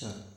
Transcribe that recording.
是。